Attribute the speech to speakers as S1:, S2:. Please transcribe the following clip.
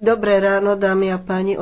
S1: dobré ráno dámy a páni opätovne otváram schôdzu parlamentu.